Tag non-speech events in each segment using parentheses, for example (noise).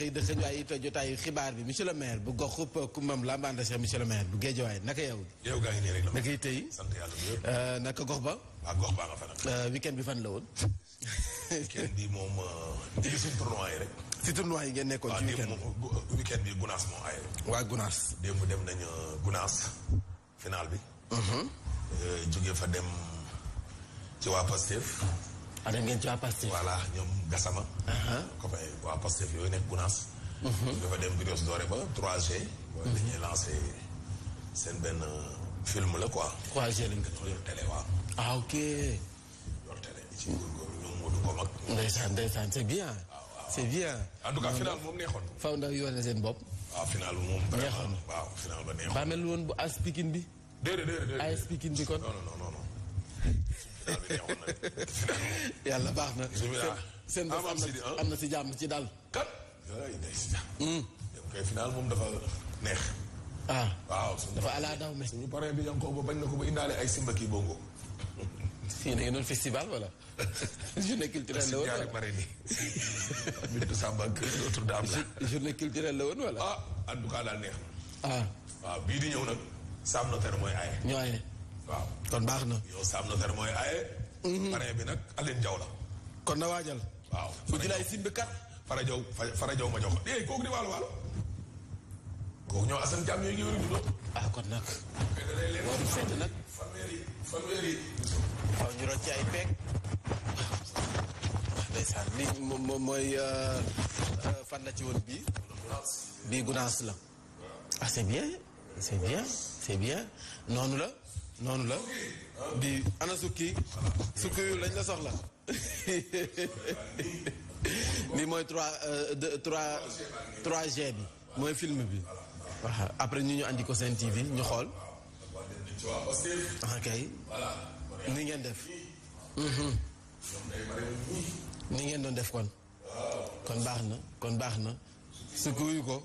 xëy dëxëñ waaye it jotaayu xibaar bi monsieur le maire bu gox kumbam lambanda Cheikh monsieur le maire bu Géejawaay naka yow. yow gaa ngi nii naka tey. sant euh, naka gox ba. waaw gox ba nga fa euh, weekend bi fan la woon. (laughs) weekend bi moom euh, ñu yi rek. si tournoi yi ngeen nekkoon ci weekend bi waaw démb weekend bi moo aye. waa Gunaas. démb dem nañu Gunaas final bi. Mhm. jóge fa dem ci waa Pastef. ah dem ngeen ci waa Pastef. voilà ñoom Gassama. copain uh-huh. waa Pastef yooyu nekk Gunaas. Uh-huh. dafa dem Brioche Dorée ba 3G. Uh-huh. dañuy lancé seen benn film la quoi. 3G lañ ko doon yor télé waaw. ah ok. yor télé ci góorgóorlu ñoom Modou Ngom ak. ndeysaan ndeysaan c'est bien. Ah, c'est bien. en tout moom neexoon. faw ndaw yoone seen bopp. waaw ah, final moom. neexoon waaw final ba neexoon. baa mel woon bu AS Pikine bi. déedéet déedéet AS Pikine bi kon. daal bi na (laughs) yàlla baax na. seen bés am na ah. si jàmm ci daal. kat. kay moom dafa neex. ah waaw dafa ala daw paree bi yankoo ba bañ na ko ba indaale ay simba kii bongo. fii da ngeen doon festival wala. (laughs) (laughs) journée culturelle la woon wala la. journée culturelle ah en daal neex na. Ah. waaw bii di ñëw nag. Sam Notaire mooy aaye. waaw kon baax na. yow Sam Notaire mooy aaye. Mhm. parrain bi nag Aline Diaw la. kon na waajal. waaw bu jëlaay simbi kat. Fara Diaw Fara Diaw ma jox ko eh kooku di waalo waalo. kooku ñoo Assane Thiam yooyu ngi a ah kon ci ay peeg. moom mooy euh, euh, fan la ci woon bi bii gunaas la. ah c'est bien c'est bien c'est bien noonu la. noonu la di ana sukki sukki yu lañ la soxla (laughs) lii mooy 3 euh, trois trois g bi mooy film bi waaw après ñu ñu andi ko seen TV ñu xool ok ni ngeen def mhm. ni ngeen doon def kon kon baax na kon baax na sukki yu ko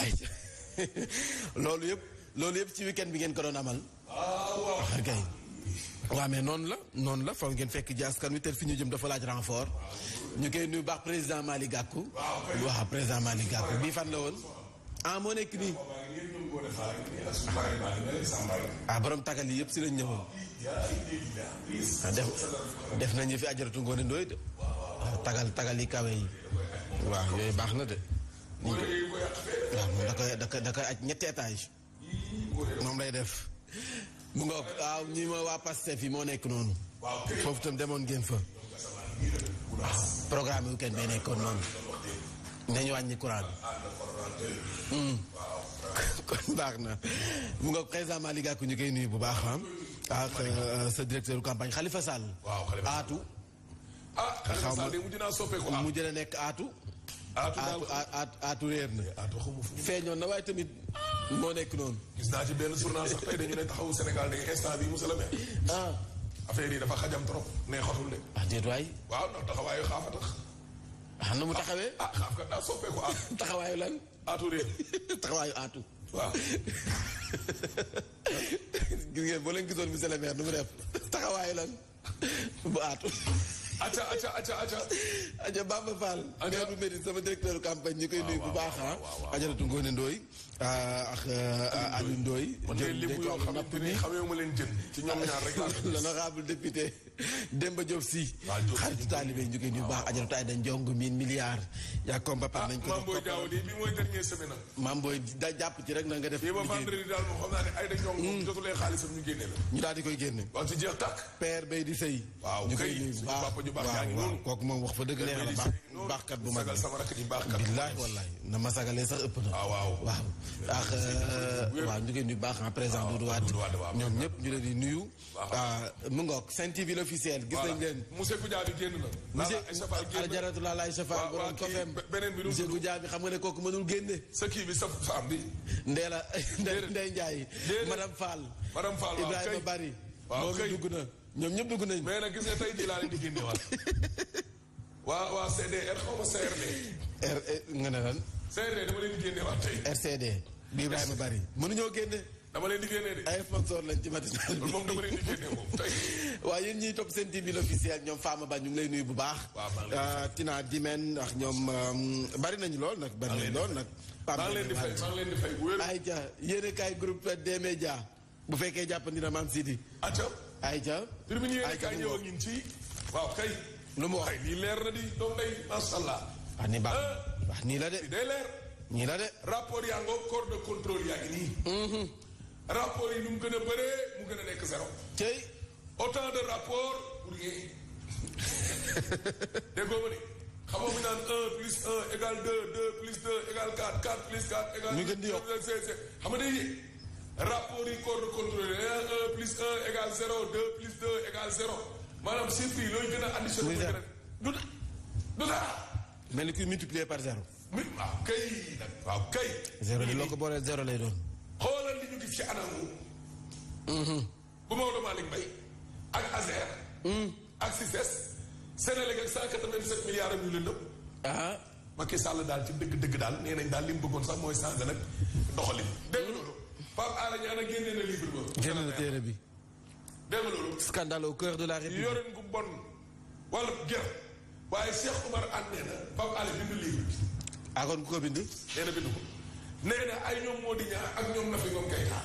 ay (laughs) loolu yëpp loolu yëpp ci weekend bi ngeen ko doon amal Ah, kay waaw mais noonu la noonu la foog ngeen fekk ji askan wi fi ñu jëm dafa laaj renfort ñu koy nuyu baax président Mali Gakou waaw président Mali Gakou bii fan la woon ah moo nekk nii ah borom tagal yi yëpp si nañ ñëwoon ah, def def nañu fi ajaratu ngoone ndooy de ah, tagal tagal yi kawe yi waaw yooyu baax na de waaw moom da aj ñetti étage moom lay def mu ngoog waaw ñi mooy waa Pastef yi moo nekk noonu. foofu itam demoon ngeen fa. programme yu kenn bee nekkoon noonu. nañu wàññi courant hmm. (laughs) kon baax na mu ngoog président Malick ñu koy nuyu bu baax ah. ak euh, sa directeur campagne Khalifa Sall. aatu. ah Khalifa Sall ah. nekk aatu. aatu aatu aatu réer na. Eh, aatu xamu fu feeñoon na waaye tamit moo nekk noonu. gis naa ci benn journal sax tey dañu ne taxawu Sénégal léegi instant bii mos a la mel. affaire yi dafa xajam trop neexatul de. ah déet waay. waaw ndax taxawaayu xaafa tax. ah nu mu ah, taxawee. ah xaaf kat daa soppeeku aatu. Ah. (laughs) taxawaayu lan. aatu réer. (laughs) taxawaayu aatu. waaw. (laughs) gis ngeen boo leen gisoon monsieur le nu mu def taxawaayu lan bu aatu. acca acca acca acca aja Bamba Fall maire bu Médine sama directeur campagne ñi koy nuyu bu baax ah ajaratu Ngoone Ndooy ak ah, Aliou Ndoye jël yoo xamante ni xamee ma leen jën ci ñoom ñaar rek (laughs) l'honorable député Demba Diop si xaritu taalibe ñu koy nuyu bu baax ajaratu ay dañ jong miin milliard yaa comme papa ah, nañ ko Mamboy di bi mooy dernier semaine da jàpp ci rek na nga def ba vendredi daal moo xam naa ne hmm. ay dañ jong jotulee ñu daal di koy génne waaw ci jeex bay di sëy waaw ñu ju baax yaa ngi noonu kooku moom wax fa dëgg neex na baax baaxkat bu mag sama rakk di baaxkat na ma sagalee sax ëpp na ah, waaw waaw ndax euh, waaw ñu ngi nuyu baax en présent ah, Doudou Wade ñoom ñëpp ñu leen di nuyu ah, mu ngoog Sen TV l'officiel gis nañ leen monsieur Goudiaby génn na monsieur Ajaratu Lalla Aïcha Fall borom xam nga ne kooku mënul génne sa kii bi sa femme bi ndee la ndey Ndiaye madame Fall madame Fall Ibrahima Bari moom dugg na ñoom ñëpp dugg nañ mais nag gis nga tey jii laa leen di génneewaat waa waa CDR xaw ma CRD. R dama leen di Bari mënuñoo génne. dama leen di génne de. ay sponsor lañ ci matinal bi moom dama leen di génne moom tey. (laughs) topp seen TV officiel ñoom Fama Ba ñu ngi lay nuyu bu baax. Ah, Tina Dimen ndax ñoom um, bari nañu lool nag. bari nañu lool nag. maa ngi leen di fay maa ngi leen bu wér. ayca yéen a kaay groupe D-Media bu fekkee jàppandi na maam Sidi. ayca. ayca ñëw ak ñun ci. waaw kay. lu mu wax lii leer na di doom day macha allah. ah ni baax ah. wax nii la de. day leer. nii la de. rapport yaa ngi corps de contrôle yaa ngi nii. Mhm. rapport yi nu mu gën a bëree mu gën a nekk zéro. tey autant de rapport pour rien. (laughs) dégg nga xam nga bu ñu naan 1 plus 1 égale 2 plus 2 égale 4 plus 4 égale. ñu gën di yokk xam nga day rapport yi corps de contrôle 1 1 plus 1 égale 0 2 plus 2 égale 0 maanaam chiffres yi looy gën a additionné. mel ni kuy multiplier par zéro. mi bi loo ko booleel zéro lay doon. xoolal li ñu gis ci anam. Mhm. bu Maodo Malick ak ASER. Mhm. ak CICES. Sénégal ak 187 milliards ak ah. daal ci dëgg-dëgg daal nee nañ daal li mu bëggoon sax mooy changé nag doxalin Pape Alé a génne na livre ba. génne na téere bi. dégg loolu. scandale au cœur de la République. yoreen gu bon wala ger waaye Cheikh Oumar Anne nee na Pape Alé bi. ah kon ku ko bind. nee na ko nee ay ñoom moo di ñaar ak ñoom Nafi Ngom Keïta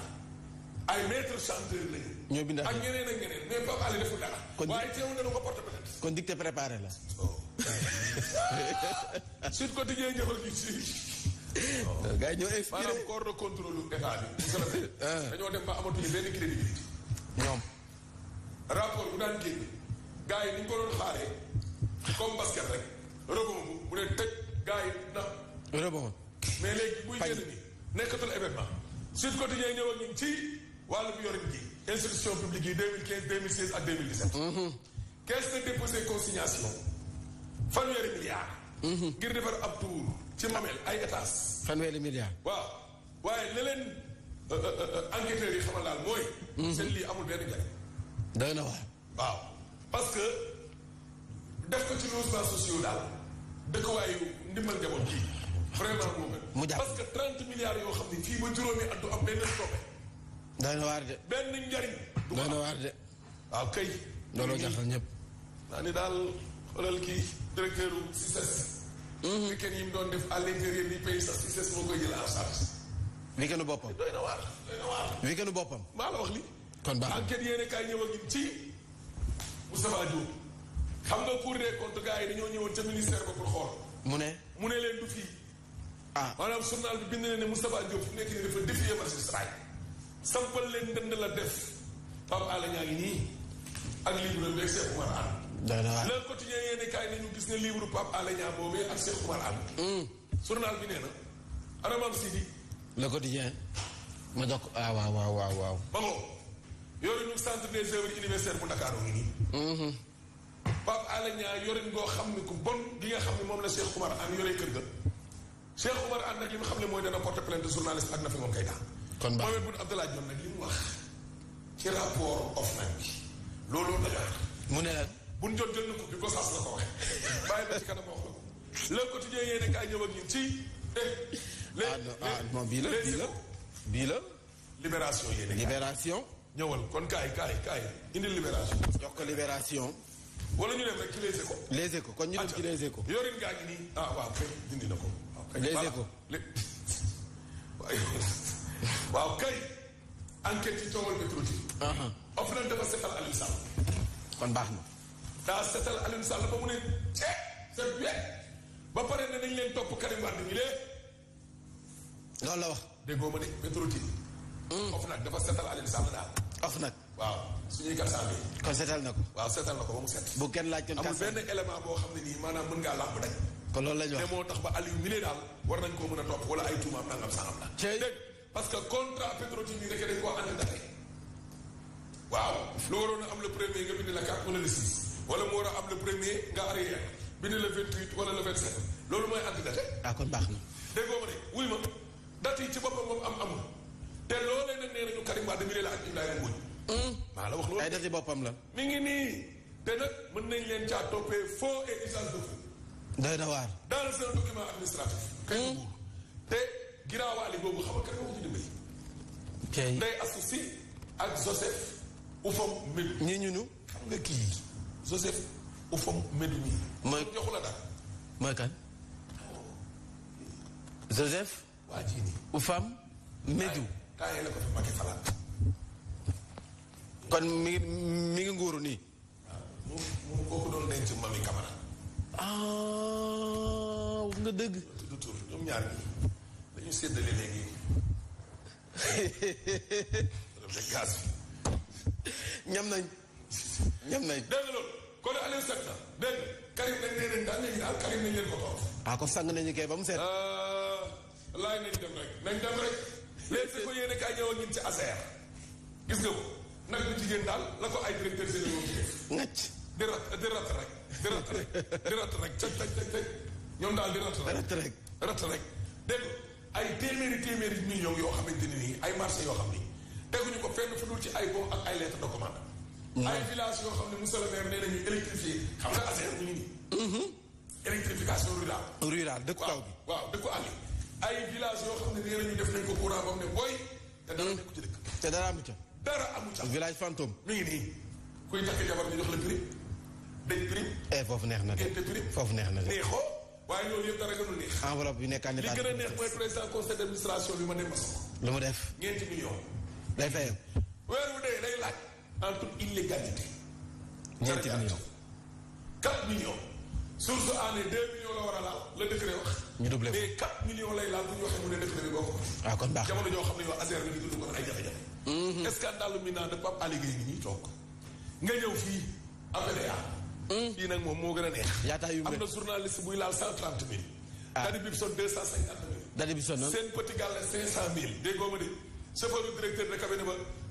ay maître chanteur lañu. ñoo bind ak ñeneen ak ñeneen mais Pape Alé deful kon waaye teewul préparé la. Oh. (laughs) Sud Quotidien ñëwal gi ci. (laughs) gars yi ñoo inspiré maanaam corps de contrôle état bi. Ah. dañoo dem ba amatuñu benn crédit bi. ñoom. rapport bu daan génn gars yi ni ko doon xaaree comme basket rek rebond bu bu dee tëj gars yi na. rebond. mais léegi buy génn nii nekkatul événement. Sud Quotidien ñëw ak ñun ci wàllum yorin gi institution publique yi ak 2017. Mm-hmm. caisse de dépôt et consignation fanweeri milliards. ngir defar ab tour ci mamel ay étages. fanweeri milliards. waaw waaye ne leen euh, euh, euh, enquêteurs yi xamal daal mooy. seen lii amul benn njariñ. doy na waar. waaw parce que def ko ci logements sociaux daal dëkkuwaayu ndimbal njaboot kii vraiment trente milliards yoo xam ne fii ba juróomi at du am benn stocké. doy na waar de. benn njariñ. doy na waar de. waaw ni daal. xoolal kii directeur u CICES. Mhm. week yi mu doon def à l'intérieur du pays sax CICES moo koy jël en charge. week-endu boppam doy na waar doy na waar. boppam. maa la wax li kon baax na enquête yéen kaay ñëw ak ci Moustapha Diop. xam nga Cour des comptes yi dañoo ñëwoon ca ministère ko pour xool. mu ne. mu ne leen du fii. ah maanaam journal bi bind na ne Moustapha Diop fu nekk nii dafa défier magistrat yi. sampal leen dënd la def Pape Alé Niang ngi nii ak livre bi ak Cheikh Oumar day na waay le nañu gis nga livre Pape Alé Niang boobee ak Cheikh Oumar Anne. Hmm. journal bi nee na. ana maam Sidi. le quotidien ma jox ah waaw waaw waaw waaw. ba ko yore ngoo hmm. xam ne ku bon gi nga xam ne moom la Cheikh Oumar Anne yore kër ga. Cheikh Oumar Anne nag li mu xam ne mooy dana porter plainte journaliste ak na fi moom kay daan. kon baax Mohamed Boun Abdallah nag li mu wax ci rapport OFNAC bi looloo doy waar. mu ne bu ñu jot jël na ko bi Gossas la ko waxee la ko le quotidien yéen kaay ñëw ak ci. Eh, ah, ah non bii la la bii ñëwal kon kaay kaay kaay indi libération. wala ñu dem rek ci les échos. les kon ñu dem yorin gaa ngi nii ah, waaw kay dindi na ko. Ah, les échos (laughs) waaw kay. Uh-huh. dafa setal Aliou kon baax na. daa setal Alioune Sall ba mu ne te eh, set wet ba pare ne nañ leen topp Karim Wade ñu lee loolu la wax déggoo ma de pétroti hmm. of nag dafa setal Alioune Sall daal of nag waaw suñuy karsan bi kon setal na ko waaw setal na ko ba mu set bu kenn laaj kenn amul benn élément boo xam ne nii maanaam mën ngaa làmb daj kon loolu lañ tax ba Aliou mi ne nañ koo mën a topp ay tuumaam nangam parce que contrat Petro-Tim bi rek dañ koo ànd ndaxte waaw a wala mu war a am le premier nga arrière bi ne le vingt huit wala le loolu mooy ànd date. ah kon baax na. dégg nga ma ne wuy ma date ci boppam moom am amul te loolee nag nee nañu Karim Wade mi hmm? la wax loolu ay date boppam la. mi ngi nii te nag mën nañ leen caa toppee faux et usage de faux. doy na waar. Hmm? te giraawaali boobu xam nga kenn ku ci dimbali. ok nday associé ak Joseph Oufam Mbembe. ñii ñu nu xam nga kii. Joseph Oufong Medoumi. mooy joxu kon mi ngi nguuru nii. Ah, nga dëgg. (laughs) ñam nañ. ñoom nay dégg loolu kon Aliou Seck la dégg Karim nag nee nañ daal léegi ah, ba mu seet euh, laay nañ dem rek nañ dem rek léegi si ko yéene kaay ñëwoon ñun ci ASER gis nga ko nag bu jigéen daal la ko ay directeur seen yoon jigéen ngacc di rat di rek di rat rek di rat rek cag cag cag cag ñoom daal di rat dégg ay téeméeri téeméeri millions yoo xamante ni nii ay marché yoo xam ni teguñu ko fenn fu dul ci ay boobu ak ay lettre de Mm-hmm. ay village yoo xam ne monsieur le nee nañu mm-hmm. électrification rurale. rurale dëkku taw bi waaw dëkku àll. ay village yoo xam ne nee nañu def nañ ko courant ba mu ne booy. te dara mm-hmm. nekku ci dëkk. village fantôme. mi ngi nii kuy jabar ñu jox la prix. dañ eh, foofu neex na de. neex na de. neexoo waaye loolu yëpp dara gënul neex. enveloppe bi nekk ànd li gën a neex mooy président conseil d' administration bi ma dem lu mu def. ñeenti millions. day fayam. en toute illégalité. ñeenti millions. 4 millions. source année 2 millions la war a laal la décret wax. ñu doublé ko mais 4 millions lay laal bu ñu waxee mu ne décret bi boo ko. ah kon baax jamono ñoo xam ne yow ASER bi ñu dund ko ay jafe-jafe. Mhm. scandale mi naan de Pape Alé Gueye gi ñuy toog nga ñëw fii APDA. Mhm. fii nag moom moo gën a neex. yaataa yu am na journaliste buy laal 130 000. ah Dadi Bibson 250 000. Dadi Bibson noonu seen petit gàll 500 000. dégg nga ma de chauffeur directeur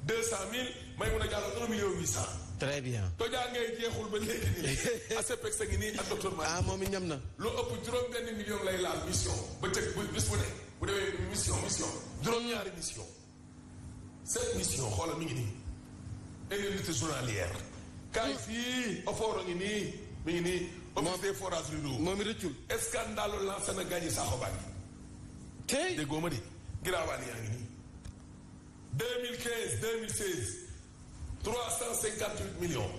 deux cent mille may mun a jàll un million huit cent. très bien. tojaa ngay jeexul ba léegi nii. (laughs) ASEPEX a ngi nii ak docteur Malick. ah moom i ñam na. lu ëpp juróom benn million lay laal mission ba teg bu bis bu ne bu demee mission mission juróom-ñaari mission cette mission xoolal mi ngi nii. indemnité journalière. kaay hmm. fii offort a ngi nii mu ngi nii. office des forages ruraux. moom it rëccul. scandale lancé na gaañi saxo bàyyi. tey déggoo ma di. giraawaale yaa ngi nii. 2015 2016 358 millions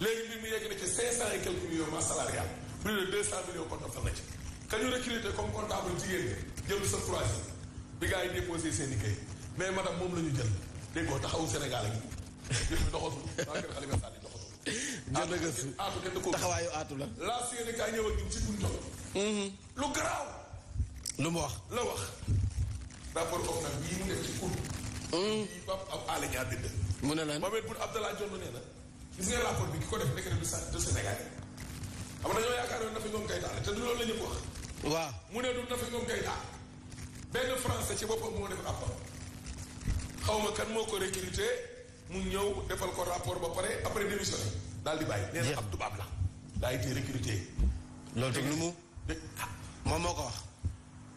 léegi mbir mi yegg na ci 500 et quelques millions masse salariale ci. ka ñu recruter comme comptable jigéen ñi jël sa bi gars yi déposé seen i mais madame moom la ñu jël dégg nga taxawu Sénégal ak yéen ñu doxatul (laughs) kenn ko taxawaayu aatu la. laa si yéen kaay ñëw ak ñun ci buntam. Mm-hmm. lu garaaw. lu mu wax la wax. rapport boobu nag bii mu def ci kuréel. Pape Alé Niang mu ne lan Mohamed Boun Abdallah Dionne nee na. gis nga rapport bi ki ko def nekk na du sa du Sénégal. xam nga dañoo yaakaaroon Nafi Ngom Keïta te du loolu la ñëpp wax. waaw mu ne du Nafi Ngom Keïta. benn français ci boppam moo def rapport. xaw ma kan moo ko recruté mu ñëw defal ko rapport ba pare après démissionné daal di bàyyi. nee na ab tubaab la. daa été recruté. loolu tamit lu mu. Ah. moom moo ko wax.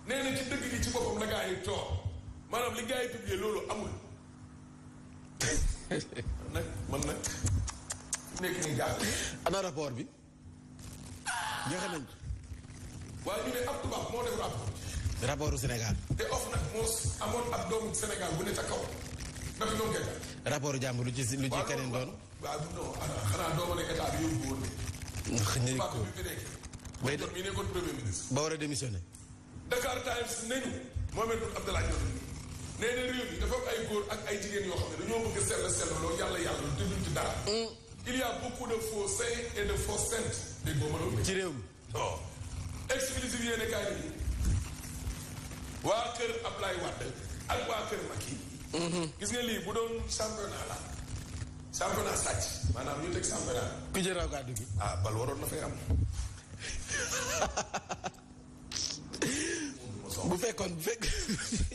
nee na ci dëgg gi ci boppam la gaa yi toog. maanaam li gars yi publié loolu amul (laughs) nag man nag nekk nii jaaxle ana rapport bi waaye ñu ne ab tubaab moo def rapport rapportu Sénégal te of nag moo amoon ab doomu Sénégal bu ne ca kaw dafa rapportu jàmbur lu ci lu ci keneen doon ma ne état ba war a démissionné Dakar Times nañu Mohamed Boun Abdallah Dionne nee na réew dafa ay góor ak ay jigéen yoo xam ne dañoo bëgg sell sell loolu yàlla yàlla lu te duñ ci mm. il y a beaucoup de faux saints et de fausses saintes. dégg nga ma ci réew mi non. exclusive yéen kaay bi waa kër Ablaye mm-hmm. gis nga lii bu doon championnat la. championnat sàcc maanaam ñu teg championnat. ku ci raw gàddu gi. ah bal waroon na fay am. (laughs) bu fekkoon bu fekk.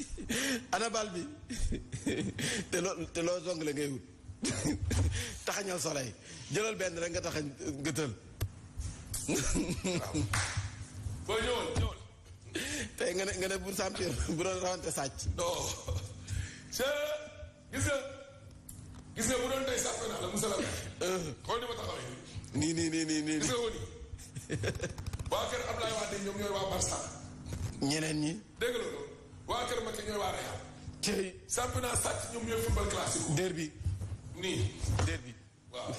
(laughs) (laughs) ana bi (laughs) te loo te loo zong la ngay wut (laughs) taxañal soleil jëlal benn rek nga taxañ nga tël tey nga ne nga ne bu sampir bu doon rawante sàcc non se gis euh. nii nii nii nii nii gis nga woon ñeneen ñi waa Kër Macky ñooy waa Real. tey championnat sàcc ñoom ñooy football classique. derby. nii derby. waaw.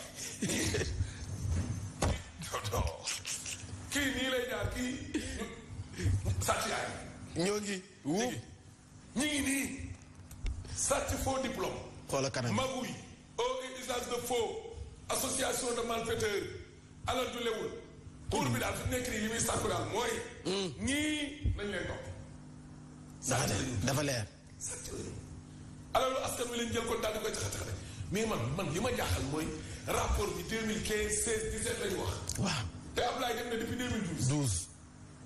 kii nii lay jaar kii sàcc yaay. ñoo ngi wu ñu ngi nii sàcc faux diplôme. xoola kanam magouille. eau de faux. association de malfaiteurs. alal du lewul. cour mm. bi daal fi nekk nii li muy sàkku daal mooy. Mm. ñii nañ leen topp. saxate dafa leer. alalu askan wi leen jël kon daal di koy tax a mais man man li ma jaaxal mooy rapport bi 2015 16 17 la ñu wax. waaw te Ablaye dem na depuis 2012. 12.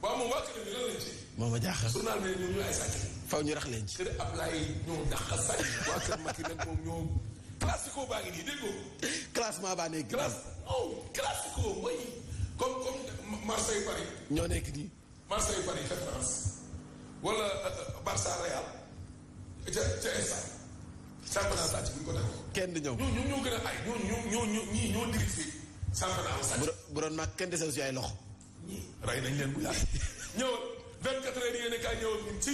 waaw moom waa Kër yi lan lañ ci. moom a jaaxal journal ñu ay sàcc. faw ñu rax leen ci. kër Ablaye ñoo dàq a sàcc. waa kër nag moom ñoo. classico baa ngi nii dégg nga. classement baa nekk. classe oh classico mooy comme comme Marseille Paris. ñoo nekk nii. wala euh, Barça Real ca ca instant. championnat sàcc bu ñu ko defee. kenn du ñëw ñooñu ñoo gën a ay ñooñu ñoo ñoo ñii ñoo dirigé championnat sàcc. bu bu doon mag kenn desewul si ay loxo. ñii rey nañ leen bu yàgg. (laughs) ñëwal 24 heures yéen a kaay ñëwal ñun ci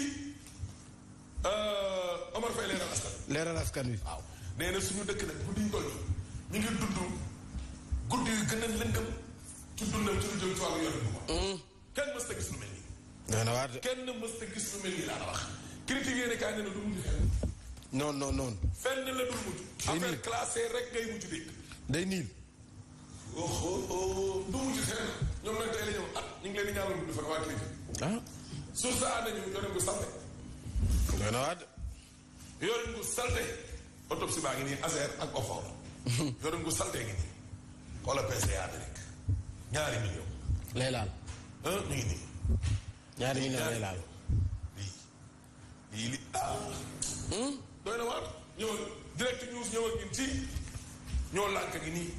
euh, Omar Faye leeral askan wi. leeral askan wi waaw. nee na suñu dëkk nag guddi ñu toll ñu ngi dund guddi yu gën a lëndëm ci dundam ci lu jëm ci wàllu yoon bi. Mm. kenn mës na gis lu mel. doy na waar de. la wax. salte. doy baa ngi nii ASER ak OFOR. (laughs) yore ngu salte ngi nii. xoolal PCA bi rek ñaari millions. lay laal. ah nii. ñaari millions lay laal. lii lii ah. Hmm? doy na waar ñëwal direct news ñëwal ñun ci ñoo lànk gi nii.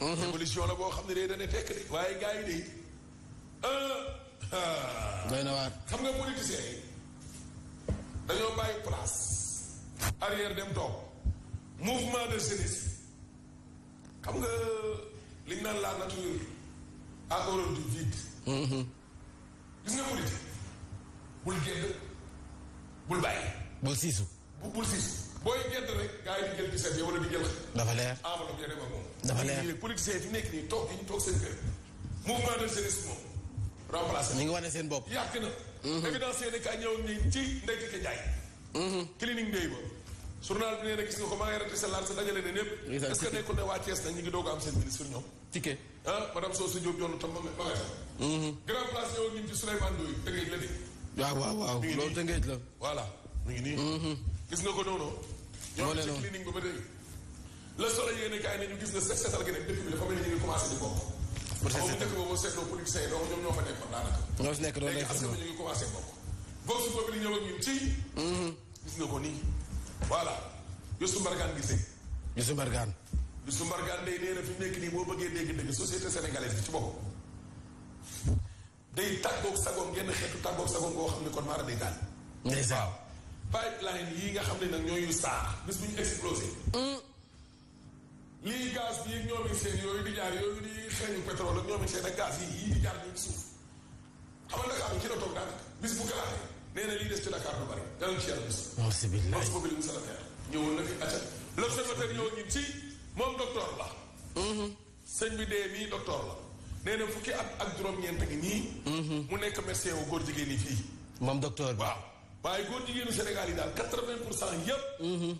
Hmm. évolution la boo xam ne day dana tekk de waaye gars yi de ah. doy na waar xam nga politiciens yi dañoo bàyyi place. arrière dem toog mouvement de jeunesse xam nga li ñu naan la nature à l'heure du vide. Hmm, gis nga politique bul gédd bul bàyyi. bul siisu. bu bul siisu. booy gédd rek gars yi di jël di seet wala di jël. dafa leer enveloppe ya dem ak moom. dafa leer politiciens yi nekk nii toog ñu toog seen kër. mouvement de jeunesse moom. remplacé ñu seen bopp. yàq na. Mhm. évidence yéen a ñëw nii ci ndey Kike Ndiaye. Mhm. clinique ndey ba. journal bi nee na gis nga ko maa ngi rëdd sa laal sa dajale ne ñëpp. est-ce nekkul ne waa Thiès nag ñu ngi doog am seen ministre ñoom. Tické. ah madame Sow sa Diop yoonu tam ma nga ca. Mhm. grand place yow ñu ci Souleymane Ndoye tëngeej la de. waaw waaw waaw loolu tëngeej la. voilà mu ngi nii. Mhm. gis nga ko noonu. moo ne noonu ñoo ngi ci clinique ba ba léegi. le soleil yéen kaay nañu gis na set setal gi nag dëkk bi dafa mel ni ñu ngi commencé di bokk. pour set setal dëkk boobu seetloo politiciens yi donc ñoom ñoo fa nekkoon daanaka. ñoo fi nekk doon nekk askan ñu ngi commencé bokk. bokk su boobu li ñëw ak ñun ci. Mhm. gis nga ko nii. voilà Youssou Mbargane gisee. Youssou Mbargane. Youssou Mbargane day nee na fi nekk nii boo bëggee dégg-dégg société sénégalaise bi ci boppam day tàggoog sagoom genn xeetu tàggoog sagoom boo xam ne kon maara day daal. waaw pipeline yii nga xam ne nag ñooyu saar bis bu ñu explosé. Mm. lii gaz bi ak ñoom seen yooyu di jaar yooyu di xeeñu pétrole ak ñoom seen ak gaz yi yii di jaar ñu suuf xamal Dakar ci la toog daanaka bis bu galaatee nee na lii des ci Dakar du bari yàlla ci yàlla bis. alhamdulilah mos boobu la mos a la ñëwoon moom docteur la. Mm-hmm. sëñ bi dee nii docteur la. nee na fukki at ak juróom-ñeent ngi nii. Mm-hmm. mu nekk médecin wu góor jigéen yi fii. moom docteur bi waaw. waaye góor jigéenu Sénégal yi daal quatre-vingt pour cent yëpp. Mm-hmm.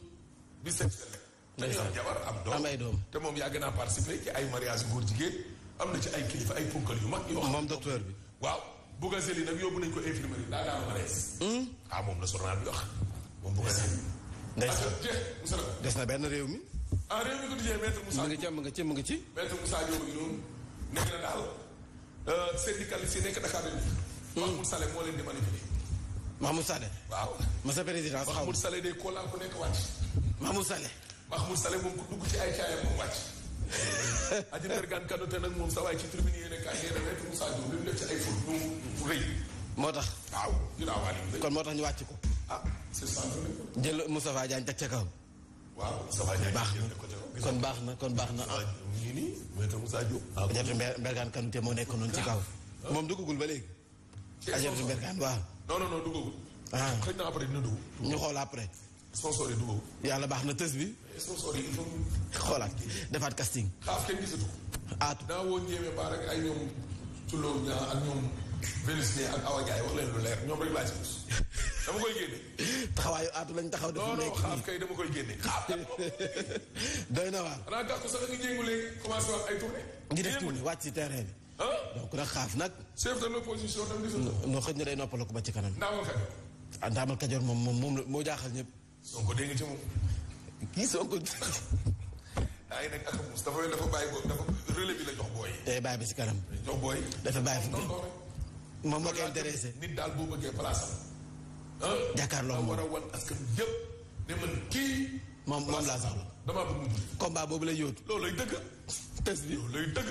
bisexuel dañu am jabar am doom am ay doom. te moom yàgg naa participer ci ay mariage góor jigéen am na ci ay kilifa ay punkal yu ma yoo xam moom docteur bi. waaw Bougazelli nag yóbbu nañ ko infirmerie daa daal malaise. ah moom la journal bi wax moom Bougazelli. ndeysaan des na benn réew mi. ah réew mi ko dijee maître Moussa Diop nga nga ci nga ci. maître Moussa Diop gi noonu nekk na daal euh, syndicaliste yi nekk Dakar bi. Hmm. Mahmoud Saleh moo leen di manipuler. Mahmoud Saleh. waaw monsieur président. xaw Mahmoud Saleh day kóolaa ku nekk wàcc. Mahmoud Saleh. Mahmoud Saleh moom ku dugg ci ay caayam moom wàcc. (laughs) aji Bergan Kado te nag moom sa waay ci tribune yéen a kaay nee na maître Moussa Diop li mu def ci ay fautes bu rëy. moo tax. waaw ñu naan waa kon moo tax ñu wàcc ko. ah c'est ça. jël Moustapha Diagne teg ca kaw. waaw sama baax na kon baax na kon baax na. ñu nii maître Moussa Diop. ah kon Mbergane Kanouté moo nekk noonu ci kaw. Ah. moom duggagul ba léegi. Adjaratou ah, Mbergane waa non non non duggagul. Ah. na après ñu xool après. sponsor yi yàlla baax na tës bi. xoolaat defaat casting. xaaf kenn gisatu. aatu naa woo Ndiémé taxawaayu aatu lañ taxaw. def mu xaaf kay dama koy génne (laughs) na waar. xanaa gàkku ngi def tournée wàcc ci terrain bi. donc nag xaaf nag. chef de l'opposition tam gisatoo. non xëy na day noppaloo ko ba ci kanam. Ah, ndaamal kajoor. moom moom moom la moo jaaxal ñëpp. soo ko dégg ci moom. kii soo ko. (laughs) bàyyi bi la ci kanam. jox booy. dafa bàyyi fu moom moo ko nit daal boo bëggee place jàkkaarloo war a wan askan yëpp ne man kii. moom moom laa soxla. damaa bëgg mu julli. combat boobu lay yóotu. loolu lay dëgg. test loolu lay dëgg.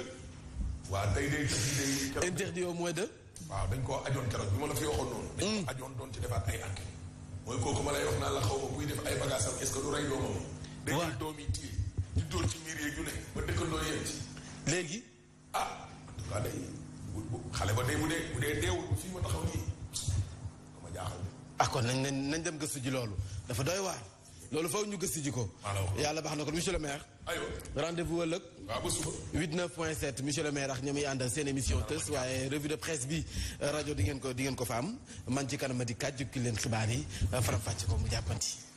waa tey day day. interdit au moins de. waaw dañ koo ajoon keroog bi ma la fi waxoon noonu. Hmm. ajoon doon ci defaat ay enquêtes. ma lay naa la xaw ma buy def ay bagages am est que du rey doomam. waaw dañuy doom yi téye di dóor ci miir yeeg ñu ne ba dëkkandoo yem ci. léegi. Ah, xale ba day bu dee bu dee deewul fii ma taxaw nii. ah kon nañ nañ dem gëstu ji loolu dafa dooy waar loolu faw ñu gëstu ji ko. yàlla baax na ko monsieur le maire. aywa rendez-vous ëllëg. waaw ba suba. 89 point 7 monsieur le maire ak ñoom yi àndal seen émission tës waaye revue de presse bi rajo di ngeen ko dingeen ko fa am man ci kanam di kaj ki leen xibaar yi faram-fàcce ko mu jàppanti.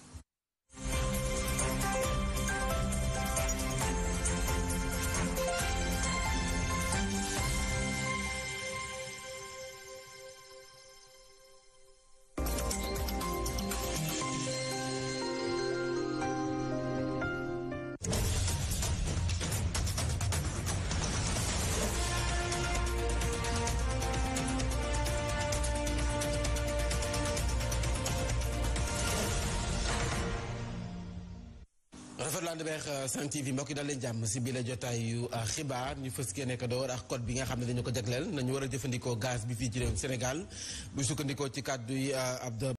door laa beex Sen TV mbokk yi daal leen jàmm jotaayu euh, xibaar ñu fës kee nekk ak code bi nga xam ne dañu ko jagleel nañu war a jëfandikoo gaz bi fii ci réew Sénégal bu sukkandikoo ci kàddu yi euh, ab